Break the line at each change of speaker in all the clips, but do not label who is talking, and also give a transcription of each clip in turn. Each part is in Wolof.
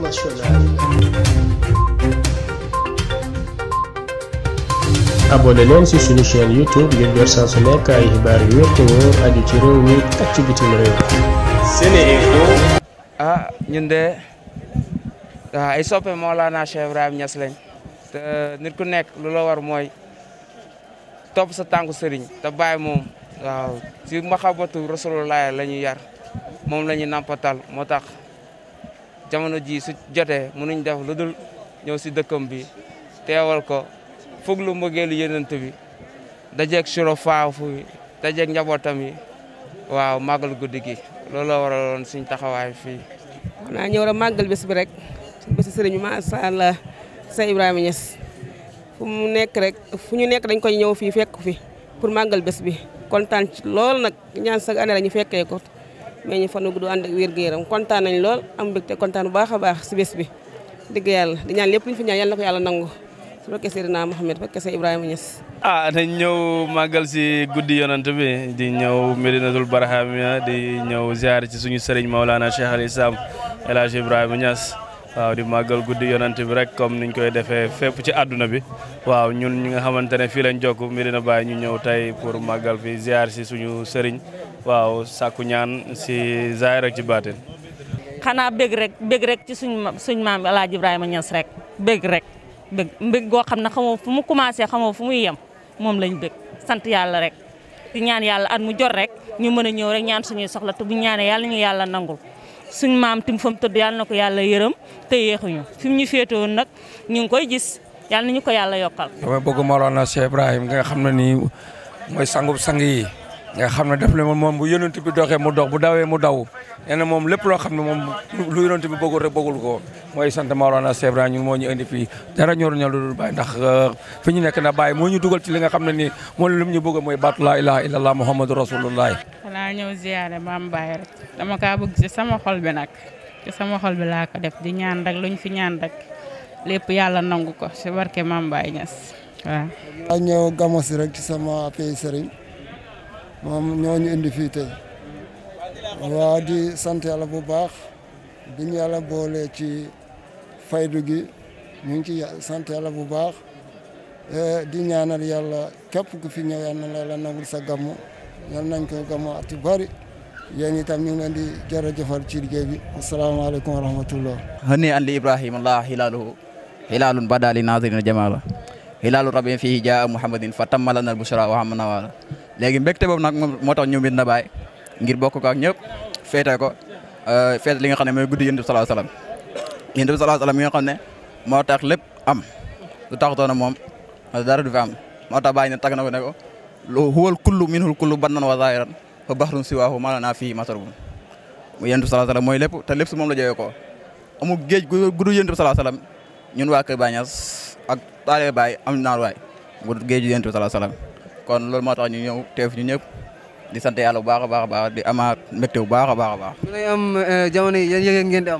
internationale. abonné leen ci suñu chaîne youtube ngir jot saa su nekk ay xibaar yu wér te wóor aju ci réew mi ak ci bitim réew.
SeneInfo. ah ñun de waaw ah, ay soppe Mawlana Cheikh Ibrahim Niass lañ te nit ku nekk lu la war mooy topp sa tànku sëriñ te bàyyi moom waaw ci maxabatu rasulullah la ñuy yar moom la ñuy nampatal moo tax. jamono ji su jotee mënuñ def lu dul ñëw si dëkkam bi teewal ko fuglu mbëggeelu yenant bi dajeeg suro faafu bi dajeeg njabootam yi waaw màggal guddi gi looloo waraloon suñ taxawaay fi xanaa ñëw a màggal bes bi rek bési sëriñ macha allah sa Ibrahima Niass fu mu nekk rek fu ñu nekk dañ koy ñëw fi fekk fi pour màggal bes bi kontaan ci lool nag ñaan sag année la ñu fekkee ko mais ñu fanu gudd ànd ak wér gu yaram kontaan nañ lool am mbégte kontaan bu baax a baax si bés bi dëgg yàlla di ñaan lépp ñu fi ñaan yàlla na ko yàlla nangu su fekkee Seydina Mohamed fekkee sa Ibrahima Niass ah
dañ màggal si guddi yonant bi di ñëw Medinatul Barhamiya di ñëw ziar ci suñu sëriñ Maulana Cheikh al Islam El Hadj Ibrahima Niass di màggal guddi yonant bi rek comme niñ koy defee fépp ci àdduna bi waaw ñun ñi nga xamante ne fii lañ jokk Medina Baye ñu ñëw tey pour màggal fi si suñu sëriñ waaw sàkku ñaan si zaahir ak ci baatin.
xanaa bëgg rek bëgg rek ci suñ suñ maam El Hadj Ibrahima Niass rek bëgg rek bëgg mbëgg goo xam ne xamoo fu mu commencé xamoo fu muy yem moom lañ bëgg sant yàlla rek. di ñaan yàlla at mu jot rek ñu mën a ñëw rek ñaan suñuy soxla te bu ñaanee yàlla ñu yàlla nangul suñ maam tim fa mu tëdd yàlla na ko yàlla yërëm te yéexuñu fi mu ñu féetewoon nag ñu ngi koy gis yàlla na ñu ko yàlla yokkal. damay bëgg Mawlana Cheikh Ibrahim nga xam ne nii mooy sangub sang nga xam ne daf ne moom bu yonent bi doxee mu dox bu dawee mu daw nee moom lépp loo xam ne moom lu yonent bi bëggul rek bëggul ko mooy sant Maolana Cheikh Ibrahima ñun moo ñu indi fii dara ñor euh, ñu nekk na bàyyi moo ñu dugal ci li nga xam ne nii moom lu ñu bëgg mooy baatu laa ilaha illallah muhammadu rasulullah xanaa ñëw ziyaare maam Baye rek dama kaa bëgg ci sama xol bi nag ci sama xol bi laa ko def di ñaan rek luñ fi ñaan rek lépp yàlla nangu ko ci barke maam Baye Niass a ñëw gamos rek ci sama pays Serigne moom ñoo ñu indi fii tey waa di sant yàlla bu baax bi ñu yàlla boolee ci faydu gi ñu ngi ci sant yàlla bu baax eh, di ñaanal yàlla képp ku fi ñëw yal na la nangul sa gammu yal nañ ko gammu at yu bari yéen itam ñu ngi leen di jërëjëfal ci liggéey bi asalaamaaleykum wa rahmatullah
hani an li ibrahima allah hilaaluhu hilaalun badali naazirina jamaala hilaalu rabbi fihi jaa muhammadin fa tammalana al bushra wa hamna wala léegi mbégte boobu nag moom moo tax ñu Medina Baye ngir bokk ko ak ñëpp féete ko euh, féete li nga xam ne mooy guddi yonent bi sallallahu alayhi wasallam yonent nga xam ne moo tax lépp am lu taxutoon moom dara du fi am moo tax bàyyi ne tag na ko ne ko lu huwal kullu minhul na bannan wa zahiran fa si siwaahu ma lanaa fii masrabun yonent bi sallallahu alayhi mooy lépp te lépp su moom la jógee ko amul géej gu gudd yonent bi sallallahu ñun waa Kër Baay ak taale Baay am naan waay gudd géej yonent bi sallallahu alayhi kon loolu moo tax ñu teef ñu di sant yàlla baax a baax a baax di amaat mbégte bu baax a baax a baax. bu lay euh,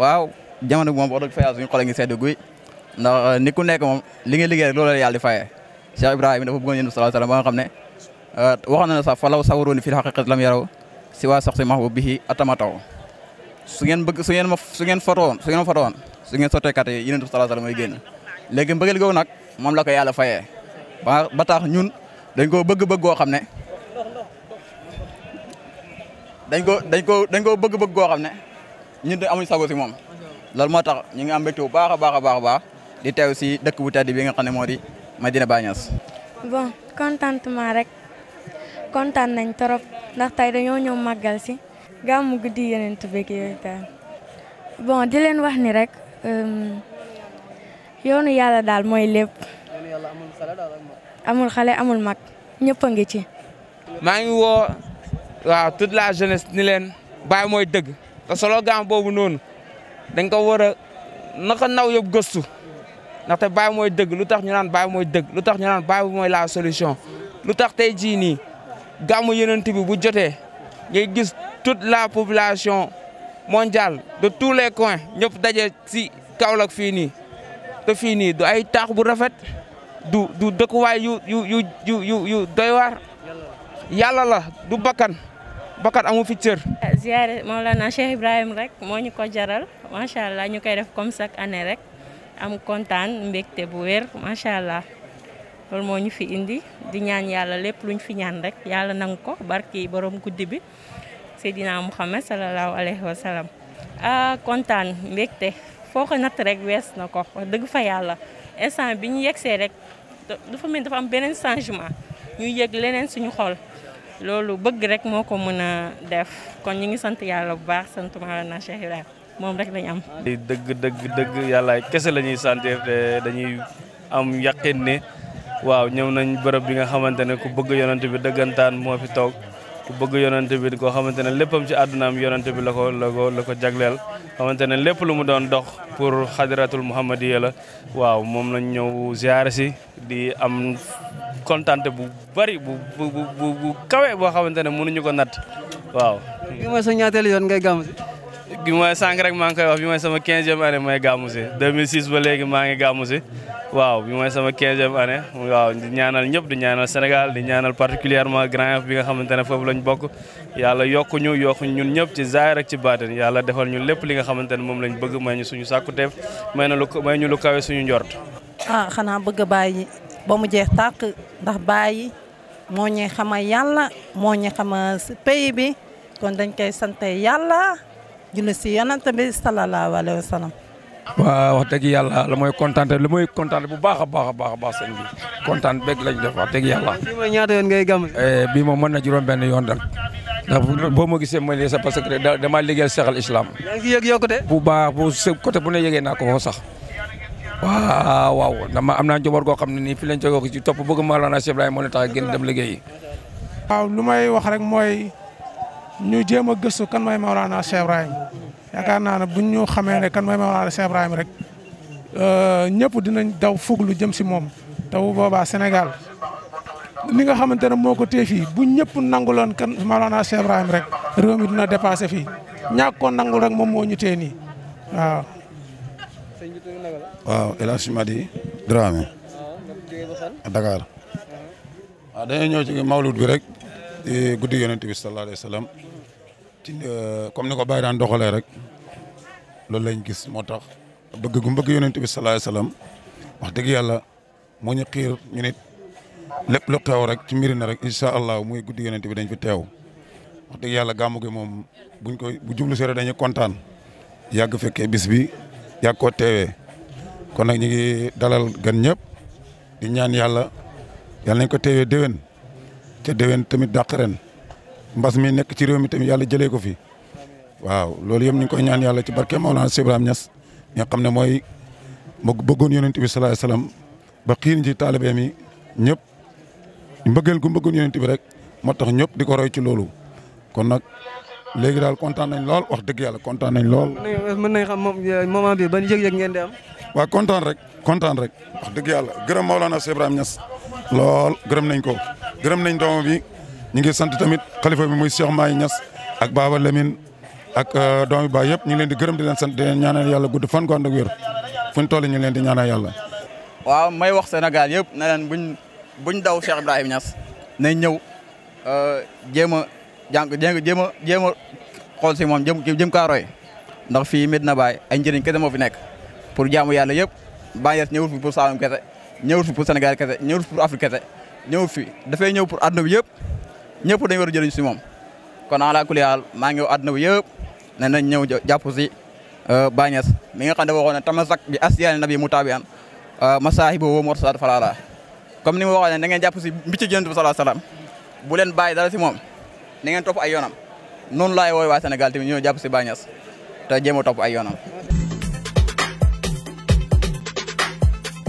waaw jamono bi moom wax dëgg fa yàlla suñu xol a ngi sedd guy ndax euh, ni ku nekk moom li nga liggéey rek loolu la yàlla di fayee Cheikh Ibrahima dafa bëggoon yéen ba nga xam ne euh, na ne sax falaw sawarooni fil haqiqati lam yaraw si waa sax si mahbu bihi atamataw su ngeen bëgg su ngeen ma su ngeen fotoon su ngeen fotoon su ngeen sottee kat yi yéen sallallahu alayhi wasallam mooy génn léegi mbëggeel googu nag moom la ko yàlla fayee ba ñun dañ koo bëgg-bëgg goo xam ne dañ ko dañ ko dañ koo bëgg-bëgg goo xam ne ñun de amuñ sago si moom loolu moo tax ñu ngi am mbégte bu baax a baax a baax a baax di teew si dëkk bu tedd bi nga xam ne moo di Medina Baye Niass bon contentement rek kontaan nañ trop ndax tey dañoo ñëw màggal si gàmmu guddi yeneen tubéeg yooyu daal bon di wax ni rek euh, yoonu yàlla daal mooy lépp amul xale amul mag ñëpp a ngi ci.
maa ngi woo waaw toute la jeunesse ni leen Baye mooy dëgg te slogan boobu noonu dañ ko war a naka naw yëpp gëstu ndaxte Baye mooy dëgg lu tax ñu naan Baye mooy dëgg lu tax ñu naan Baye mooy la solution lu tax tey jii nii gàmmu yeneen bi bu jotee ngay gis toute la population mondiale de tous les coins ñëpp daje si Kaolack fii nii te fii nii ay taax bu rafet. du du dëkkuwaay yu yu yu la du bakkan bakkan amu fi cër.
ziare Mawlana Cheikh Ibrahim rek moo ñu ko jaral macha allah ñu koy def comme chaque année rek am kontaan mbégte bu weer macha allah loolu moo ñu fi indi di ñaan yàlla lépp luñ fi ñaan rek yàlla nang ko barki borom guddi bi Seydina Muhammad sallallahu alayhi wa sallam ah, kontaan mbégte. foo ko natt rek wees na ko wax dëgg fa yàlla instant bi ñu yegsee rek dafa mel dafa am beneen changement ñu yëg leneen suñu xol loolu bëgg rek moo ko mën a def kon ñu ngi sant yàlla bu baax sant naa Cheikh Ibrahima moom rek lañ am.
dëgg dëgg dëgg yàlla kese la ñuy sentir dañuy am yaqin ne waaw ñëw nañ bërëb bi nga xamante ne ku bëgg yonent bi dëggantaan moo fi toog. ku bëgg yonante bi koo xamante ne léppam ci àddunaam yonante bi la ko jagleel xamante ne lépp lu mu doon dox pour xadiratul muhammadiya la waaw moom lañ ñëw ziare si di am kontante bu bari bu bu bu bu kawe boo xamante ne mënuñu ko natt waaw. bi
mooy sa ñaateelu yoon ngay gàmm si.
bi mooy sànq maa ngi sama 15e année may gàmm waaw bi mooy sama quinzième année waaw di ñaanal ñëpp di ñaanal Sénégal di ñaanal particulièrement Grand Yoff bi nga xamante ne foofu lañ bokk yàlla yokku ñu yokku ñun ñëpp ci zaahir ak ci baatin yàlla defal ñu lépp li nga xamante ne moom lañ bëgg may ñu suñu sàkkuteef may na lu may ñu lu kawe suñu njort
ah xanaa bëgg bàyyi ba mu jeex tàq ndax bàyyi moo ñu xama yàlla moo ñu xama pays bi kon dañ koy sante yàlla julli si yonent bi sallallahu alayhi wa
waaw wax dëgg yàlla la mooy kontaan la mooy kontaan bu baax a baax a a baax sëñ bi kontaan beeg lañ eh, na juróom-benn yoon dal ndax boo ma gisee mooy lii sax que damaa liggéeyal seexal islam. yaa ngi yëg yokkute. bu baax bu côté bu ne yëgee naa ko foofu sax. waaw waaw dama am naa njaboot goo xam ne nii fi lañ jógee ko ci topp bëgg Mawlana Cheikh Ibrahima moo ne tax a génn dem liggéeyi.
waaw lu may wax rek mooy. ñu jéem a gëstu kan mooy Maolana Cheikh Ibrahim yaakaar naa ne bu ñu xamee ne kan mooy Maolana Cheikh Ibrahim rek euh, ñëpp dinañ daw fuglu jëm si moom te bu boobaa Sénégal li nga xamante ne moo ko téye fii bu ñëpp nanguloon kan Maolana Cheikh Ibrahim rek réew mi dina dépassé fii ñàkk ko nangul rek moom moo ñu téye nii waaw. waaw El Hadj Madi Dramé. Ah, Dakar. waaw ah, dañoo ñëw ci mawlud bi rek. di guddi yonent bi sallallahu alayhi wa sallam ci euh, comme ni ko Baye daan doxalee rek loolu lañ gis moo tax bëgg gu bëgg yonent bi sallallahu alayhi wa sallam wax dëgg yàlla moo ñu xiir ñu nit lépp lu xew rek ci mbiri na rek incha allah muy guddi yonent bi dañ fi teew wax dëgg yàlla gàmmu gi moom buñ koy bu jublu seere dañuy kontaan yàgg fekkee bis bi yàgg koo teewee kon nag ñu ngi dalal gan ñëpp di ñaan yàlla yàlla nañ ko teewee déwén. te déwén tamit dàq ren mbas mi nekk ci réew mi tamit yàlla jëlee ko fi waaw loolu yëpp ñu koy ñaan yàlla ci barke Maolana Cheikh Ibrahima Niass nga xam ne mooy ma bëggoon yonent bi sallallahu alayhi wasallam ba xiin ci taalibeem yi ñëpp mbëggeel gu mbëggoon yonent bi rek moo tax ñëpp di ko roy ci loolu kon nag léegi daal kontaan nañ lool wax dëgg yàlla kontaan nañ lool. waaw kontaan rek kontaan rek wax dëgg yàlla gërëm Maolana Cheikh Ibrahima Niass lool gërëm nañ ko gërëm nañ doomam bi ñu ngi sant tamit xalifa bi muy Cheikh Maye ñas ak Baba Lamine ak euh, doomi baay yëpp ñu ngi leen di gërëm di leen sant di leen ñaanal yàlla gudd fan gu ànd ak wér fu ñu toll ñu leen di ñaanal yàlla.
waaw may wax Sénégal yëpp ne leen buñ buñ daw Cheikh Ibrahima Niass nañ ñëw euh, jéem a jàng jéem a jéem a xool si moom jëm jëm kaaroy ndax fii Medina Baye ay njëriñ kese moo fi nekk. pour jaamu yàlla yëpp Banyees ñëwul fi pour Saalum kese ñëwul fi pour Sénégal kese ñëwul fi pour Afrique kese ñëw fi dafay ñëw pour àdduna bi yëpp ñëpp dañu war a jëriñ si moom. kon ala kulli haal maa ngi woo àdduna bi yëpp ne nañ ñëw jàpp si euh, Banyees mi nga xam ne waxoon ne tamasak bi asyaani nabi mutaabian euh, masaahibu wa mursalat falaala comme ni ma waxoon ne da ngeen jàpp si mbicc Yonent bi sallallahu alayhi wasallam bu leen bàyyi dara si moom na ngeen topp ay yoonam noonu laay woowee waa Sénégal tamit ñoo jàpp si Banyees te jéem a topp ay yoonam.